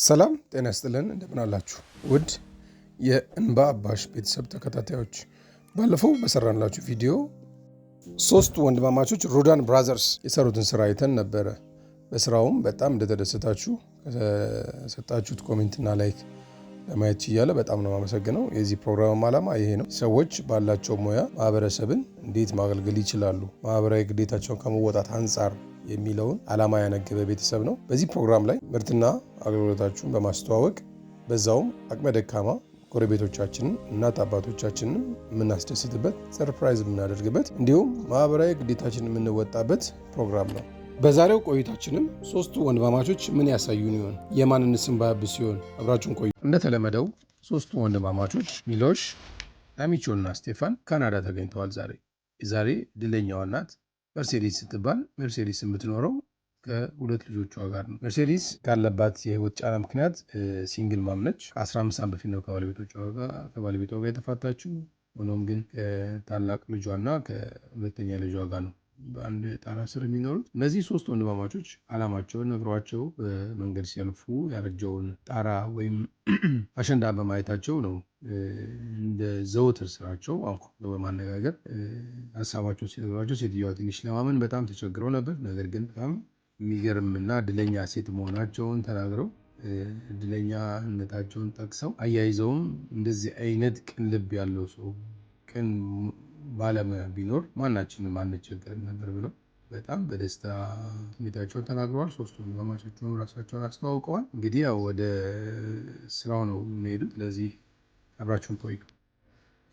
ሰላም ጤና ይስጥልን፣ እንደምን አላችሁ? ውድ የእንባ አባሽ ቤተሰብ ተከታታዮች ባለፈው በሰራንላችሁ ቪዲዮ ሶስቱ ወንድማማቾች ሮዳን ብራዘርስ የሰሩትን ስራ አይተን ነበረ። በስራውም በጣም እንደተደሰታችሁ ከሰጣችሁት ኮሜንትና ላይክ ለማየት እያለ በጣም ነው የማመሰግነው። የዚህ ፕሮግራም ዓላማ ይሄ ነው። ሰዎች ባላቸው ሙያ ማህበረሰብን እንዴት ማገልገል ይችላሉ፣ ማህበራዊ ግዴታቸውን ከመወጣት አንጻር የሚለውን ዓላማ ያነገበ ቤተሰብ ነው። በዚህ ፕሮግራም ላይ ምርትና አገልግሎታችሁን በማስተዋወቅ በዛውም አቅመ ደካማ ጎረቤቶቻችንን እናት አባቶቻችንን የምናስደስትበት ሰርፕራይዝ የምናደርግበት እንዲሁም ማህበራዊ ግዴታችን የምንወጣበት ፕሮግራም ነው። በዛሬው ቆይታችንም ሶስቱ ወንድማማቾች ምን ያሳዩን ይሆን? የማንነት ስም ባያብስ ሲሆን አብራችሁን ቆዩ። እንደተለመደው ሶስቱ ወንድማማቾች ሚሎሽ፣ ዳሚቾና ስቴፋን ካናዳ ተገኝተዋል። ዛሬ የዛሬ ድለኛዋ እናት መርሴዲስ ስትባል መርሴዲስ የምትኖረው ከሁለት ልጆቿ ጋር ነው። መርሴዲስ ካለባት የህይወት ጫና ምክንያት ሲንግል ማምነች ከ15 ዓመት በፊት ነው ከባለቤቷ ጋር የተፋታችው። ሆኖም ግን ከታላቅ ልጇና ከሁለተኛ ልጇ ጋር ነው በአንድ ጣራ ስር የሚኖሩት እነዚህ ሶስት ወንድማማቾች አላማቸውን ነግሯቸው በመንገድ ሲያልፉ ያረጀውን ጣራ ወይም አሸንዳ በማየታቸው ነው። እንደ ዘወትር ስራቸው አንኳኩቶ በማነጋገር ሀሳባቸው ሲነግሯቸው ሴትዮዋ ትንሽ ለማመን በጣም ተቸግረው ነበር። ነገር ግን በጣም የሚገርምና እድለኛ ሴት መሆናቸውን ተናግረው እድለኛነታቸውን ጠቅሰው አያይዘውም እንደዚህ አይነት ቅን ልብ ያለው ሰው ቅን ባለሙያ ቢኖር ማናችንም አንቸገርም ነበር ብለው በጣም በደስታ ስሜታቸውን ተናግረዋል። ሶስቱም ወንድማማቾቹም ራሳቸውን አስተዋውቀዋል። እንግዲህ ያው ወደ ስራው ነው የሚሄዱት። ለዚህ አብራችሁን ቆዩ።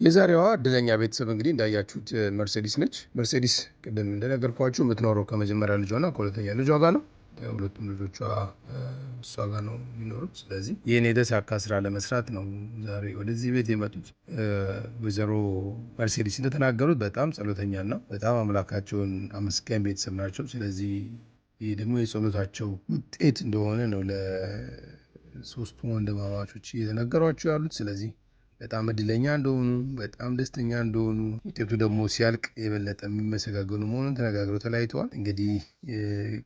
የዛሬዋ እድለኛ ቤተሰብ እንግዲህ እንዳያችሁት መርሴዲስ ነች። መርሴዲስ ቅድም እንደነገርኳችሁ የምትኖረው ከመጀመሪያ ልጇና ከሁለተኛ ልጇ ጋር ነው። ሁለቱም ልጆቿ እሷ ጋር ነው የሚኖሩት። ስለዚህ ይህን የተሳካ ስራ ለመስራት ነው ዛሬ ወደዚህ ቤት የመጡት። ወይዘሮ መርሴዲስ እንደተናገሩት በጣም ጸሎተኛና በጣም አምላካቸውን አመስጋኝ ቤተሰብ ናቸው። ስለዚህ ይህ ደግሞ የጸሎታቸው ውጤት እንደሆነ ነው ለሶስቱ ወንድማማቾች እየተነገሯቸው ያሉት። ስለዚህ በጣም እድለኛ እንደሆኑ በጣም ደስተኛ እንደሆኑ ውጤቱ ደግሞ ሲያልቅ የበለጠ የሚመሰጋገኑ መሆኑን ተነጋግረው ተለያይተዋል። እንግዲህ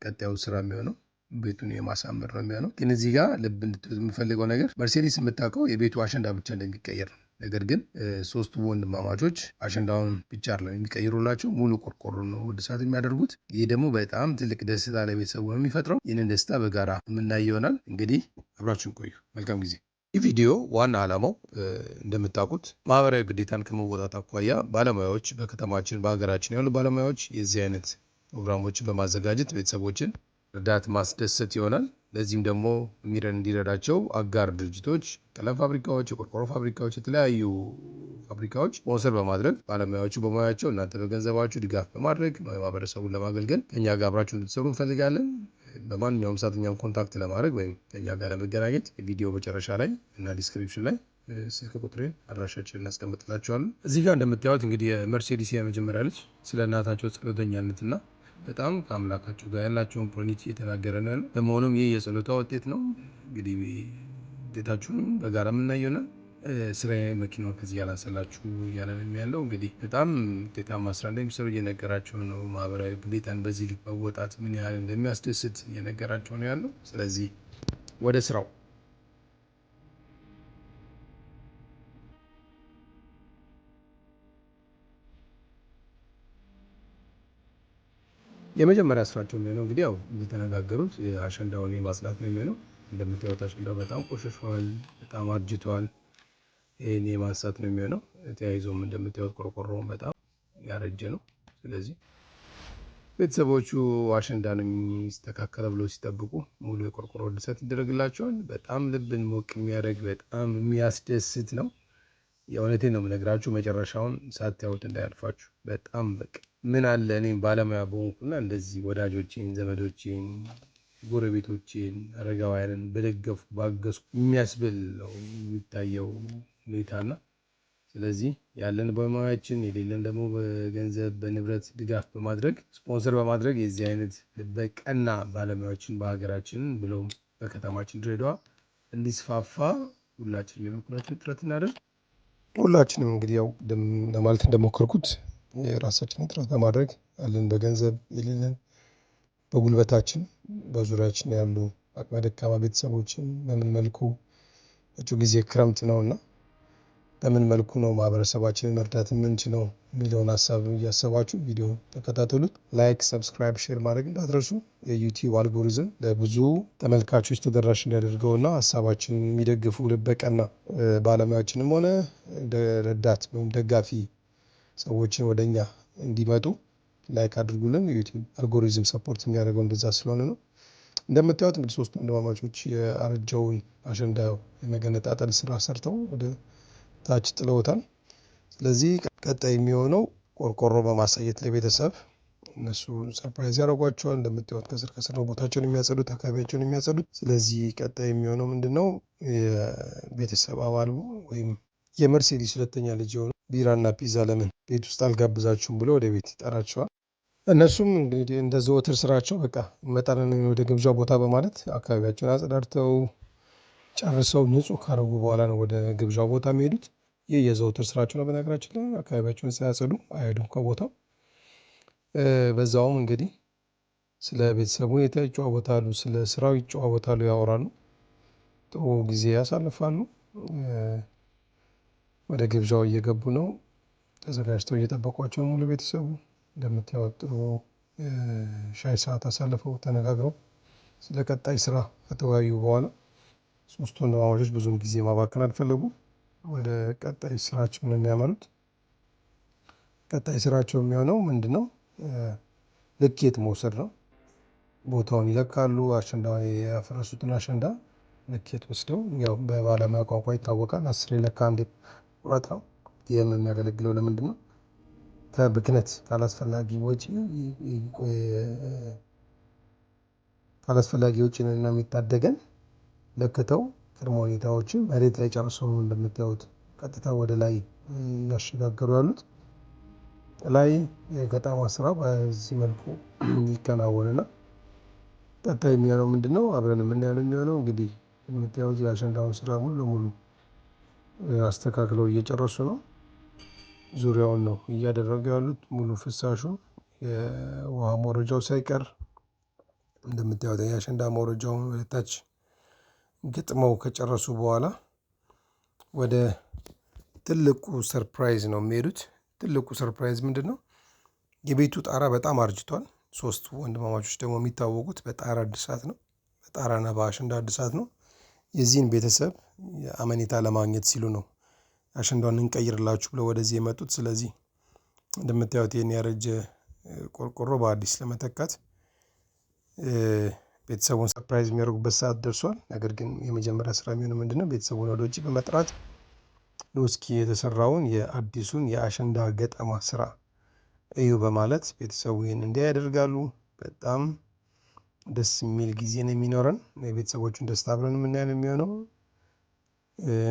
ቀጣዩ ስራ የሚሆነው ቤቱን የማሳመር ነው የሚሆነው። ግን እዚህ ጋር ልብ እንድትሉት የምፈልገው ነገር መርሴዲስ የምታውቀው የቤቱ አሸንዳ ብቻ እንደሚቀየር ነው። ነገር ግን ሶስቱ ወንድማማቾች አሸንዳውን ብቻ አይደለም የሚቀይሩላቸው ሙሉ ቆርቆሮ ነው ወደ የሚያደርጉት። ይህ ደግሞ በጣም ትልቅ ደስታ ለቤተሰቡ ነው የሚፈጥረው። ይህንን ደስታ በጋራ የምናይ ይሆናል። እንግዲህ አብራችሁን ቆዩ። መልካም ጊዜ። ይህ ቪዲዮ ዋና ዓላማው እንደምታውቁት ማህበራዊ ግዴታን ከመወጣት አኳያ ባለሙያዎች በከተማችን በሀገራችን ያሉ ባለሙያዎች የዚህ አይነት ፕሮግራሞችን በማዘጋጀት ቤተሰቦችን እርዳት ማስደሰት ይሆናል። ለዚህም ደግሞ ሚረን እንዲረዳቸው አጋር ድርጅቶች፣ ቀለም ፋብሪካዎች፣ የቆርቆሮ ፋብሪካዎች፣ የተለያዩ ፋብሪካዎች ስፖንሰር በማድረግ ባለሙያዎቹ በሙያቸው እናንተ በገንዘባችሁ ድጋፍ በማድረግ ማህበረሰቡን ለማገልገል ከኛ ጋር አብራችሁ እንድትሰሩ እንፈልጋለን። በማንኛውም ሰዓት እኛም ኮንታክት ለማድረግ ወይም ከኛ ጋር ለመገናኘት ቪዲዮ መጨረሻ ላይ እና ዲስክሪፕሽን ላይ ስልክ ቁጥሬ አድራሻችን እናስቀምጥላቸዋለን። እዚህ ጋር እንደምታዩት እንግዲህ የመርሴዲስ የመጀመሪያ ልጅ ስለ እናታቸው ጸሎተኛነትና በጣም ከአምላካችሁ ጋር ያላቸውን ፕሮኒቲ እየተናገረን ያለ በመሆኑም ይህ የጸሎታ ውጤት ነው። እንግዲህ ውጤታችሁን በጋራ የምናየው ስራ መኪና ከዚህ ያላሰላችሁ እያለን ያለው እንግዲህ በጣም ውጤታማ ስራ እንደሚሰሩ እየነገራቸው ነው። ማህበራዊ ግዴታን በዚህ መወጣት ምን ያህል እንደሚያስደስት እየነገራቸው ነው ያለው። ስለዚህ ወደ ስራው የመጀመሪያ ስራቸው የሚሆነው እንግዲህ ያው እንደተነጋገሩት አሸንዳውን ማጽዳት ነው የሚሆነው። እንደምታዩት አሸንዳው በጣም ቆሽሿል፣ በጣም አርጅቷል። ይህን የማንሳት ነው የሚሆነው። ተያይዞም እንደምታዩት ቆርቆሮውን በጣም ያረጀ ነው። ስለዚህ ቤተሰቦቹ አሸንዳ ነው የሚስተካከለ ብለው ሲጠብቁ ሙሉ የቆርቆሮ ልሰት ይደረግላቸዋል። በጣም ልብን ሞቅ የሚያደርግ በጣም የሚያስደስት ነው። የእውነቴን ነው የምነግራችሁ። መጨረሻውን ሳታዩት እንዳያልፋችሁ በጣም በቃ ምን አለ እኔም ባለሙያ በሆንኩና እንደዚህ ወዳጆቼን ዘመዶቼን ጎረቤቶቼን አረጋውያንን በደገፍኩ ባገዝኩ የሚያስብል ነው የሚታየው ሁኔታ ስለዚህ ያለን በሙያችን የሌለን ደግሞ በገንዘብ በንብረት ድጋፍ በማድረግ ስፖንሰር በማድረግ የዚህ አይነት በቀና ባለሙያዎችን በሀገራችን ብሎም በከተማችን ድሬዳዋ እንዲስፋፋ ሁላችንም የበኩላችንን ጥረት እናደርግ። ሁላችንም እንግዲህ ያው ለማለት እንደሞከርኩት የራሳችንን ጥረት በማድረግ ያለን በገንዘብ የሌለን በጉልበታችን በዙሪያችን ያሉ አቅመ ደካማ ቤተሰቦችን በምን መልኩ እጩ ጊዜ ክረምት ነውና በምን መልኩ ነው ማህበረሰባችንን መርዳት የምንችለው የሚለውን ሀሳብ እያሰባችሁ ቪዲዮ ተከታተሉት። ላይክ፣ ሰብስክራይብ፣ ሼር ማድረግ እንዳትረሱ። የዩቲዩብ አልጎሪዝም ለብዙ ተመልካቾች ተደራሽ እንዲያደርገውና ሀሳባችን የሚደግፉ ልበቀና ባለሙያችንም ሆነ ረዳት ወይም ደጋፊ ሰዎችን ወደ እኛ እንዲመጡ ላይክ አድርጉልን ዩቲዩብ አልጎሪዝም ሰፖርት የሚያደርገው እንደዛ ስለሆነ ነው። እንደምታዩት እንግዲህ ሶስት ወንድማማቾች የአረጃውን አሸንዳ የመገነጣጠል ስራ ሰርተው ወደ ታች ጥለውታል። ስለዚህ ቀጣይ የሚሆነው ቆርቆሮ በማሳየት ለቤተሰብ እነሱ ሰርፕራይዝ ያደርጓቸዋል። እንደምታዩት ከስር ከስር ነው ቦታቸውን የሚያጸዱት፣ አካባቢያቸውን የሚያጸዱት። ስለዚህ ቀጣይ የሚሆነው ምንድን ነው? የቤተሰብ አባል? ወይም የመርሴዲስ ሁለተኛ ልጅ የሆኑ ቢራና ፒዛ ለምን ቤት ውስጥ አልጋብዛችሁም ብሎ ወደ ቤት ይጠራቸዋል። እነሱም እንግዲህ እንደ ዘወትር ስራቸው በቃ መጣለን ወደ ግብዣ ቦታ በማለት አካባቢያቸውን አጸዳድተው ጨርሰው ንጹህ ካረጉ በኋላ ነው ወደ ግብዣ ቦታ የሚሄዱት። ይህ የዘወትር ስራቸው ነው። በነገራችን ላይ አካባቢያቸውን ሳያጸዱ አይሄዱም ከቦታው። በዛውም እንግዲህ ስለ ቤተሰቡ ሁኔታ ይጨዋወታሉ፣ ስለ ስራው ይጨዋወታሉ፣ ያወራሉ፣ ጥሩ ጊዜ ያሳልፋሉ። ወደ ግብዣው እየገቡ ነው። ተዘጋጅተው እየጠበቋቸው ሙሉ ቤተሰቡ እንደምታዩት ጥሩ ሻይ ሰዓት አሳልፈው ተነጋግረው ስለ ቀጣይ ስራ ከተወያዩ በኋላ ሶስቱ ወንድማማቾች ብዙም ጊዜ ማባከን አልፈለጉም። ወደ ቀጣይ ስራቸው ነው የሚያመሩት። ቀጣይ ስራቸው የሚሆነው ምንድነው? ልኬት መውሰድ ነው። ቦታውን ይለካሉ አሸንዳ ያፈረሱትን አሸንዳ ልኬት ወስደው ያው በባለሙያ ቋንቋ ይታወቃል አስር ይለካ እንዴት ማታው የሚያገለግለው ለምንድን ነው? ከብክነት ካላስፈላጊ ወጪ ካላስፈላጊ ወጪንና የሚታደገን ለክተው ቅድመ ሁኔታዎችን መሬት ላይ ጨርሶ እንደምታዩት ቀጥታ ወደ ላይ እያሸጋገሩ ያሉት ላይ የገጠማ ስራ በዚህ መልኩ ይከናወንና ቀጣይ የሚሆነው ምንድን ነው? አብረን የምናየው የሚሆነው እንግዲህ የምታዩት የአሸንዳውን ስራ ሙሉ ለሙሉ አስተካክለው እየጨረሱ ነው። ዙሪያውን ነው እያደረጉ ያሉት ሙሉ ፍሳሹ የውሃ መውረጃው ሳይቀር እንደምታዩት የአሸንዳ መውረጃው ወደታች ገጥመው ግጥመው ከጨረሱ በኋላ ወደ ትልቁ ሰርፕራይዝ ነው የሚሄዱት። ትልቁ ሰርፕራይዝ ምንድን ነው? የቤቱ ጣራ በጣም አርጅቷል። ሶስት ወንድማማቾች ደግሞ የሚታወቁት በጣራ እድሳት ነው። በጣራና በአሸንዳ እድሳት ነው። የዚህን ቤተሰብ አመኔታ ለማግኘት ሲሉ ነው አሸንዷን እንቀይርላችሁ ብለው ወደዚህ የመጡት። ስለዚህ እንደምታዩት ይህን ያረጀ ቆርቆሮ በአዲስ ለመተካት ቤተሰቡን ሰርፕራይዝ የሚያደርጉበት ሰዓት ደርሷል። ነገር ግን የመጀመሪያ ስራ የሚሆነው ምንድነው? ቤተሰቡን ወደ ውጭ በመጥራት ሎስኪ የተሰራውን የአዲሱን የአሸንዳ ገጠማ ስራ እዩ በማለት ቤተሰቡ ይህን እንዲያ ያደርጋሉ። በጣም ደስ የሚል ጊዜ ነው የሚኖረን የቤተሰቦቹን ደስታ አብረን የምናይ ነው የሚሆነው።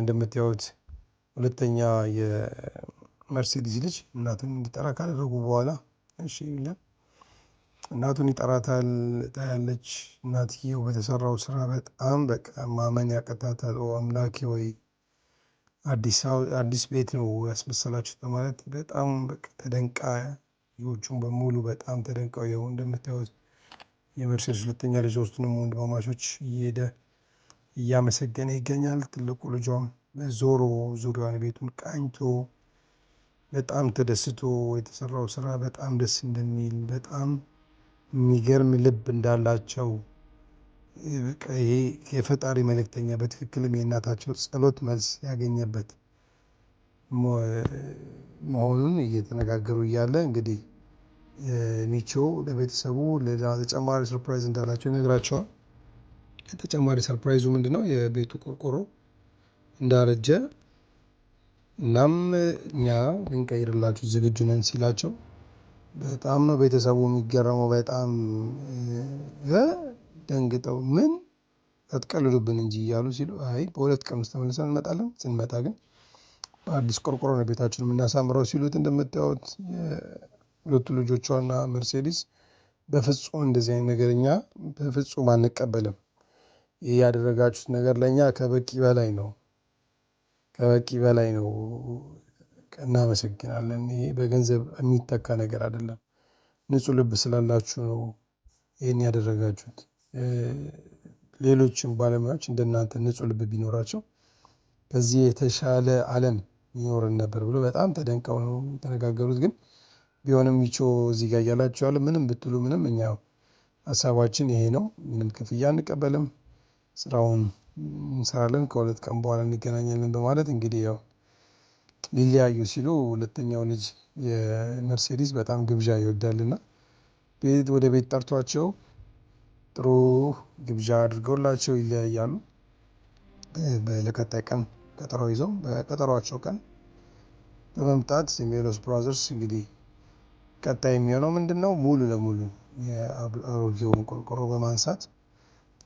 እንደምታዩት ሁለተኛ የመርሴዲዝ ልጅ እናቱን እንዲጠራ ካደረጉ በኋላ እሺ ይላል። እናቱን ይጠራታል ታያለች እናትየው በተሰራው ስራ በጣም በቃ ማመን ያቀታታል። ኦ አምላኬ ሆይ አዲስ ቤት ነው ያስመሰላችሁ በማለት በጣም በቃ ተደንቃ ልጆቹን በሙሉ በጣም ተደንቀው ያው እንደምታዩት የመርሴዲስ ሁለተኛ ልጅ ሶስቱንም ወንድማማቾች እየሄደ እያመሰገነ ይገኛል። ትልቁ ልጇም ዞሮ ዙሪያውን ቤቱን ቃኝቶ በጣም ተደስቶ የተሰራው ስራ በጣም ደስ እንደሚል በጣም የሚገርም ልብ እንዳላቸው ይሄ የፈጣሪ መልእክተኛ በትክክልም የእናታቸው ጸሎት መልስ ያገኘበት መሆኑን እየተነጋገሩ እያለ እንግዲህ ኒቾ ለቤተሰቡ ሌላ ተጨማሪ ሰርፕራይዝ እንዳላቸው ይነግራቸዋል። ተጨማሪ ሰርፕራይዙ ምንድነው? የቤቱ ቆርቆሮ እንዳረጀ እናም እኛ ልንቀይርላችሁ ዝግጁ ነን ሲላቸው በጣም ነው ቤተሰቡ የሚገረመው በጣም ደንግጠው ምን አትቀልዱብን እንጂ እያሉ ሲሉ አይ በሁለት ቀን ውስጥ ተመልሰን እንመጣለን ስንመጣ ግን በአዲስ ቆርቆሮ ነው ቤታችን የምናሳምረው ሲሉት እንደምታዩት ሁለቱ እና መርሴዲስ በፍጹም እንደዚህ አይነት ነገር እኛ በፍጹም አንቀበልም። ይህ ያደረጋችሁት ነገር ለእኛ ከበቂ በላይ ነው። ከበቂ በላይ ነው። እናመሰግናለን ይሄ በገንዘብ የሚተካ ነገር አይደለም። ንጹህ ልብ ስላላችሁ ነው ይህን ያደረጋችሁት። ሌሎችም ባለሙያዎች እንደናንተ ንጹህ ልብ ቢኖራቸው ከዚህ የተሻለ አለም ይኖረን ነበር ብሎ በጣም ተደንቀው ነው የተነጋገሩት ግን ቢሆንም ሚቾ እዚህ ጋር እያላችኋል። ምንም ብትሉ ምንም እኛ ሀሳባችን ይሄ ነው ምንም ክፍያ አንቀበልም። ስራውን እንሰራለን ከሁለት ቀን በኋላ እንገናኛለን በማለት እንግዲህ ያው ሊለያዩ ሲሉ ሁለተኛው ልጅ የመርሴዲስ በጣም ግብዣ ይወዳል እና ቤት ወደ ቤት ጠርቷቸው ጥሩ ግብዣ አድርገውላቸው ይለያያሉ። ለቀጣይ ቀን ቀጠሮ ይዘው በቀጠሯቸው ቀን በመምጣት ሜሎስ ብራዘርስ እንግዲህ ቀጣይ የሚሆነው ምንድን ነው? ሙሉ ለሙሉ የአሮጌውን ቆርቆሮ በማንሳት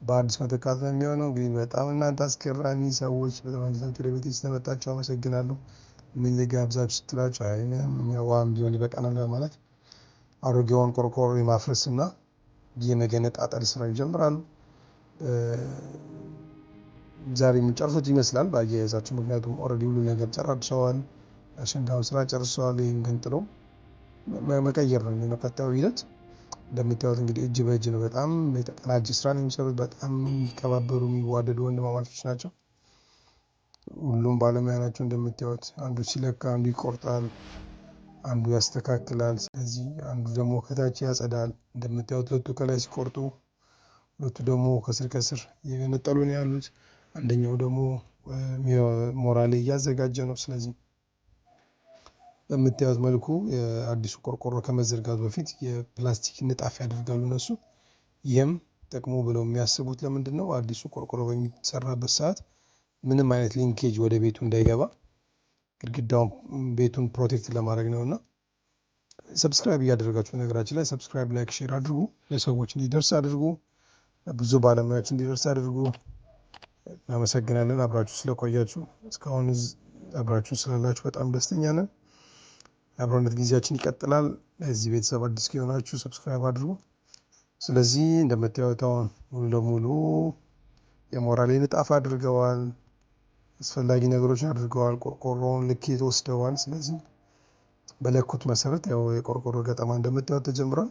በአዲስ መተካት ነው የሚሆነው። እንግዲህ በጣም እናንተ አስገራሚ ሰዎች በተመልሳችሁ ወደ ቤቴ ስለመጣችሁ አመሰግናለሁ። ምን ልጋብዛችሁ ስትላችሁ አይ ምንም ቢሆን ይበቃናል በማለት አሮጌውን ቆርቆሮ የማፍረስ የማፍረስና የመገነጣጠል ስራ ይጀምራሉ። ዛሬ የሚጨርሱት ይመስላል በአያያዛቸው ምክንያቱም ኦልሬዲ ሁሉ ነገር ጨራርሰዋል። አሸንዳውን ስራ ጨርሰዋል። ይህን ገንጥለው መቀየር ነው የሚሆነው ሂደት። እንደምታዩት እንግዲህ እጅ በእጅ ነው፣ በጣም የተቀናጀ ስራ ነው የሚሰሩት። በጣም የሚከባበሩ የሚዋደዱ ወንድማማቾች ናቸው። ሁሉም ባለሙያ ናቸው። እንደምታዩት አንዱ ሲለካ አንዱ ይቆርጣል፣ አንዱ ያስተካክላል። ስለዚህ አንዱ ደግሞ ከታች ያጸዳል። እንደምታዩት ሁለቱ ከላይ ሲቆርጡ፣ ሁለቱ ደግሞ ከስር ከስር የነጠሉ ነው ያሉት። አንደኛው ደግሞ ሞራሌ እያዘጋጀ ነው። ስለዚህ በምታዩት መልኩ የአዲሱ ቆርቆሮ ከመዘርጋቱ በፊት የፕላስቲክ ንጣፍ ያደርጋሉ እነሱ። ይህም ጥቅሙ ብለው የሚያስቡት ለምንድን ነው? አዲሱ ቆርቆሮ በሚሰራበት ሰዓት ምንም አይነት ሊንኬጅ ወደ ቤቱ እንዳይገባ ግድግዳውን ቤቱን ፕሮቴክት ለማድረግ ነው እና ሰብስክራይብ እያደረጋችሁ ነገራችን ላይ ሰብስክራይብ፣ ላይክ፣ ሼር አድርጉ። ለሰዎች እንዲደርስ አድርጉ። ብዙ ባለሙያዎች እንዲደርስ አድርጉ። እናመሰግናለን። አብራችሁ ስለቆያችሁ እስካሁን አብራችሁ ስላላችሁ በጣም ደስተኛ ነን። አብሮነት ጊዜያችን ይቀጥላል። ለዚህ ቤተሰብ አዲስ ከሆናችሁ ሰብስክራይብ አድርጉ። ስለዚህ እንደምታዩት አሁን ሙሉ ለሙሉ የሞራሌ ንጣፍ አድርገዋል። አስፈላጊ ነገሮችን አድርገዋል። ቆርቆሮውን ልኬት ወስደዋል። ስለዚህ በለኩት መሰረት ያው የቆርቆሮ ገጠማ እንደምታዩት ተጀምሯል።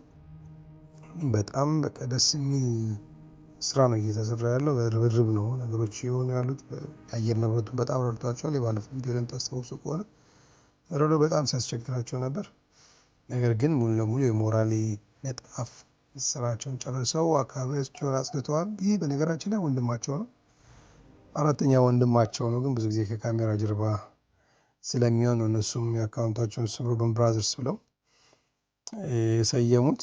በጣም በቃ ደስ የሚል ስራ ነው እየተሰራ ያለው። ርብርብ ነው ነገሮች የሆኑ ያሉት። የአየር ንብረቱን በጣም ረድቷቸዋል። የባለፈው ቪዲዮ ላይ ታስታውሱ ከሆነ ረዶ በጣም ሲያስቸግራቸው ነበር። ነገር ግን ሙሉ ለሙሉ የሞራሌ ነጣፍ ስራቸውን ጨርሰው አካባቢያቸውን አጽድተዋል። ይህ በነገራችን ላይ ወንድማቸው ነው፣ አራተኛ ወንድማቸው ነው። ግን ብዙ ጊዜ ከካሜራ ጀርባ ስለሚሆን እነሱም የአካውንታቸውን ስብሮ በንብራዘርስ ብለው የሰየሙት።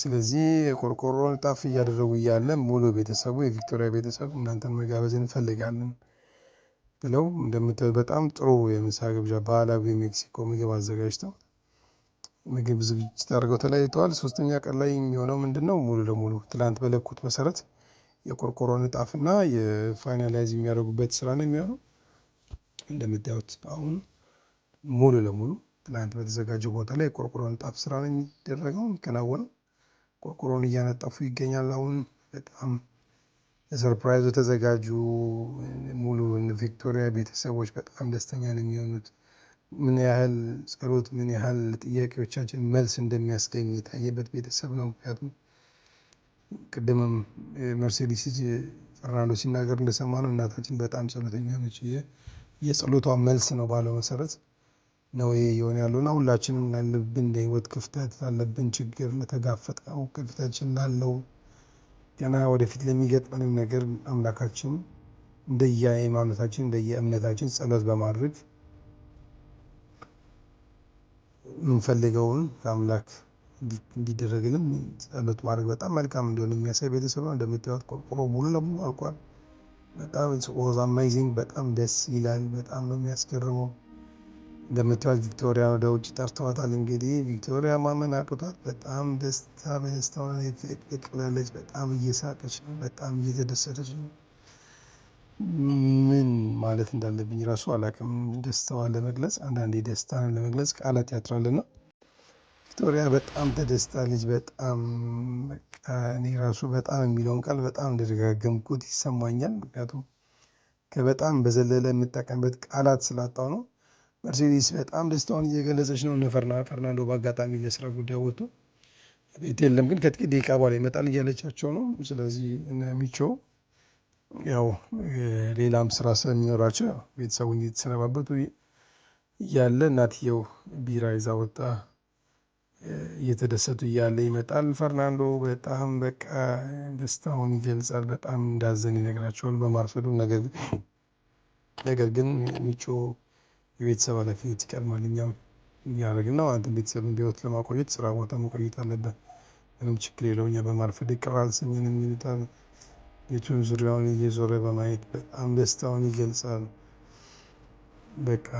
ስለዚህ ቆርቆሮ ጣፍ እያደረጉ እያለ ሙሉ ቤተሰቡ የቪክቶሪያ ቤተሰብ እናንተን መጋበዝ እንፈልጋለን ብለው እንደምታዩት በጣም ጥሩ የምሳ ግብዣ ባህላዊ የሜክሲኮ ምግብ አዘጋጅተው ምግብ ዝግጅት አድርገው ተለያይተዋል። ሶስተኛ ቀን ላይ የሚሆነው ምንድን ነው? ሙሉ ለሙሉ ትላንት በለኩት መሰረት የቆርቆሮ ንጣፍና የፋይናላይዝ የሚያደርጉበት ስራ ነው የሚሆነው። እንደምታዩት አሁን ሙሉ ለሙሉ ትላንት በተዘጋጀው ቦታ ላይ የቆርቆሮ ንጣፍ ስራ ነው የሚደረገው የሚከናወነው። ቆርቆሮን እያነጠፉ ይገኛል። አሁን በጣም ለሰርፕራይዙ ተዘጋጁ ሙሉ ቪክቶሪያ ቤተሰቦች በጣም ደስተኛ ነው የሚሆኑት። ምን ያህል ጸሎት ምን ያህል ጥያቄዎቻችን መልስ እንደሚያስገኝ የታየበት ቤተሰብ ነው። ምክንያቱም ቅድምም መርሴዲስ ፈርናንዶ ሲናገር ነው እናታችን በጣም ጸሎተኛ ነች። የጸሎቷ መልስ ነው ባለው መሰረት ነው ይሄ እየሆነ ያለው ሁላችንም ላለብን የህይወት ክፍተት ላለብን ችግር ለተጋፈጠው ክፍተት ላለው ገና ወደፊት ለሚገጥመንም ነገር አምላካችን እንደየሃይማኖታችን እንደየእምነታችን ጸሎት በማድረግ የምንፈልገውን ከአምላክ እንዲደረግልን ጸሎት ማድረግ በጣም መልካም እንደሆነ የሚያሳይ ቤተሰብ ነው። እንደምታዩት ቆርቆሮ ሙሉ ለሙሉ አልቋል። በጣም ኢትስ አማይዚንግ በጣም ደስ ይላል። በጣም ነው የሚያስገርመው። እንደምታዩት ቪክቶሪያ ወደ ውጭ ጠርተዋታል። እንግዲህ ቪክቶሪያ ማመን አቅቷት በጣም ደስታ በደስታዋ የተጠቅላለች። በጣም እየሳቀች ነው፣ በጣም እየተደሰተች ነው። ምን ማለት እንዳለብኝ ራሱ አላቅም። ደስታዋን ለመግለጽ አንዳንዴ ደስታን ለመግለጽ ቃላት ነው። ቪክቶሪያ በጣም ተደስታለች። በጣም እኔ ራሱ በጣም የሚለውን ቃል በጣም እንደደጋገምኩት ይሰማኛል። ምክንያቱም ከበጣም በዘለለ የምጠቀምበት ቃላት ስላጣው ነው። መርሴዲስ በጣም ደስታውን እየገለጸች ነው። ፈርናንዶ በአጋጣሚ ለስራ ጉዳይ ወጥቶ ቤት የለም፣ ግን ከጥቂት ደቂቃ በኋላ ይመጣል እያለቻቸው ነው። ስለዚህ እነ ሚቾ ያው ሌላም ስራ ስለሚኖራቸው ቤተሰቡ እየተሰነባበቱ እያለ እናትየው ቢራ ይዛ ወጣ እየተደሰቱ እያለ ይመጣል ፈርናንዶ። በጣም በቃ ደስታውን ይገልጻል። በጣም እንዳዘን ይነግራቸዋል በማርፈዱ ነገር ግን ሚጮ የቤተሰብ ሀላፊነት ይቀድማል እኛም እያደረግን ነው አንተም ቤተሰብን በህይወት ለማቆየት ስራ ቦታ መቆየት አለበት። ምንም ችግር የለው። እኛ በማርፈድ ይቀባበላል ይሉታል። ቤቱን ዙሪያውን እየዞረ በማየት በጣም ደስታውን ይገልጻል። በቃ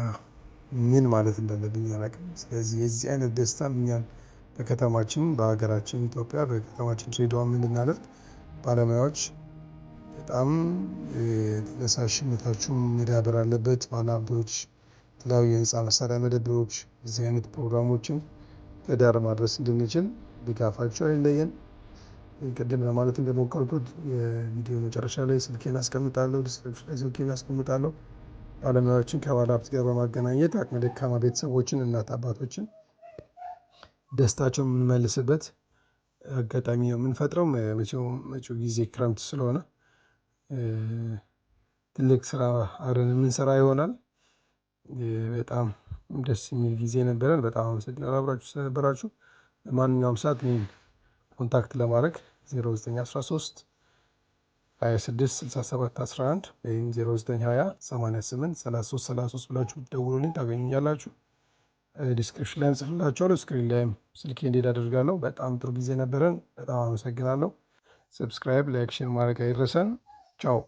ምን ማለት እንዳለብኝ አላውቅም። ስለዚህ የዚህ አይነት ደስታ እኛን በከተማችን በሀገራችን ኢትዮጵያ በከተማችን ድሬዳዋም እንድናደርግ ባለሙያዎች በጣም ተነሳሽነታችሁም መዳበር አለበት ባለሀብቶች የተለያዩ የህንፃ መሳሪያ መደብሮች እዚህ አይነት ፕሮግራሞችን ለዳር ማድረስ እንድንችል ድጋፋችሁ አይለየን። ቅድም ለማለት እንደሞከርኩት የቪዲዮ መጨረሻ ላይ ስልኬን አስቀምጣለሁ፣ ዲስክሪፕሽን ላይ ስልኬን አስቀምጣለሁ። ባለሙያዎችን ከባለ ሀብት ጋር በማገናኘት አቅመ ደካማ ቤተሰቦችን፣ እናት አባቶችን ደስታቸው የምንመልስበት አጋጣሚ ነው የምንፈጥረው። መጪው ጊዜ ክረምት ስለሆነ ትልቅ ስራ አብረን የምንሰራ ይሆናል። በጣም ደስ የሚል ጊዜ ነበረን። በጣም አመሰግናለሁ አብራችሁ ስለነበራችሁ። በማንኛውም ሰዓት እኔን ኮንታክት ለማድረግ 0913 ዘጠኝ አስራ ሶስት ሃያ ወይም ብላችሁ ብትደውሉልኝ ታገኙኛላችሁ። ዲስክሪፕሽን ላይም እጽፍላችኋለሁ ስክሪን ላይም ስልኬ እንዴት አደርጋለሁ። በጣም ጥሩ ጊዜ ነበረን በጣም አመሰግናለሁ። ሰብስክራይብ ላይክ ሼር ማድረግ አይረሳን። ቻው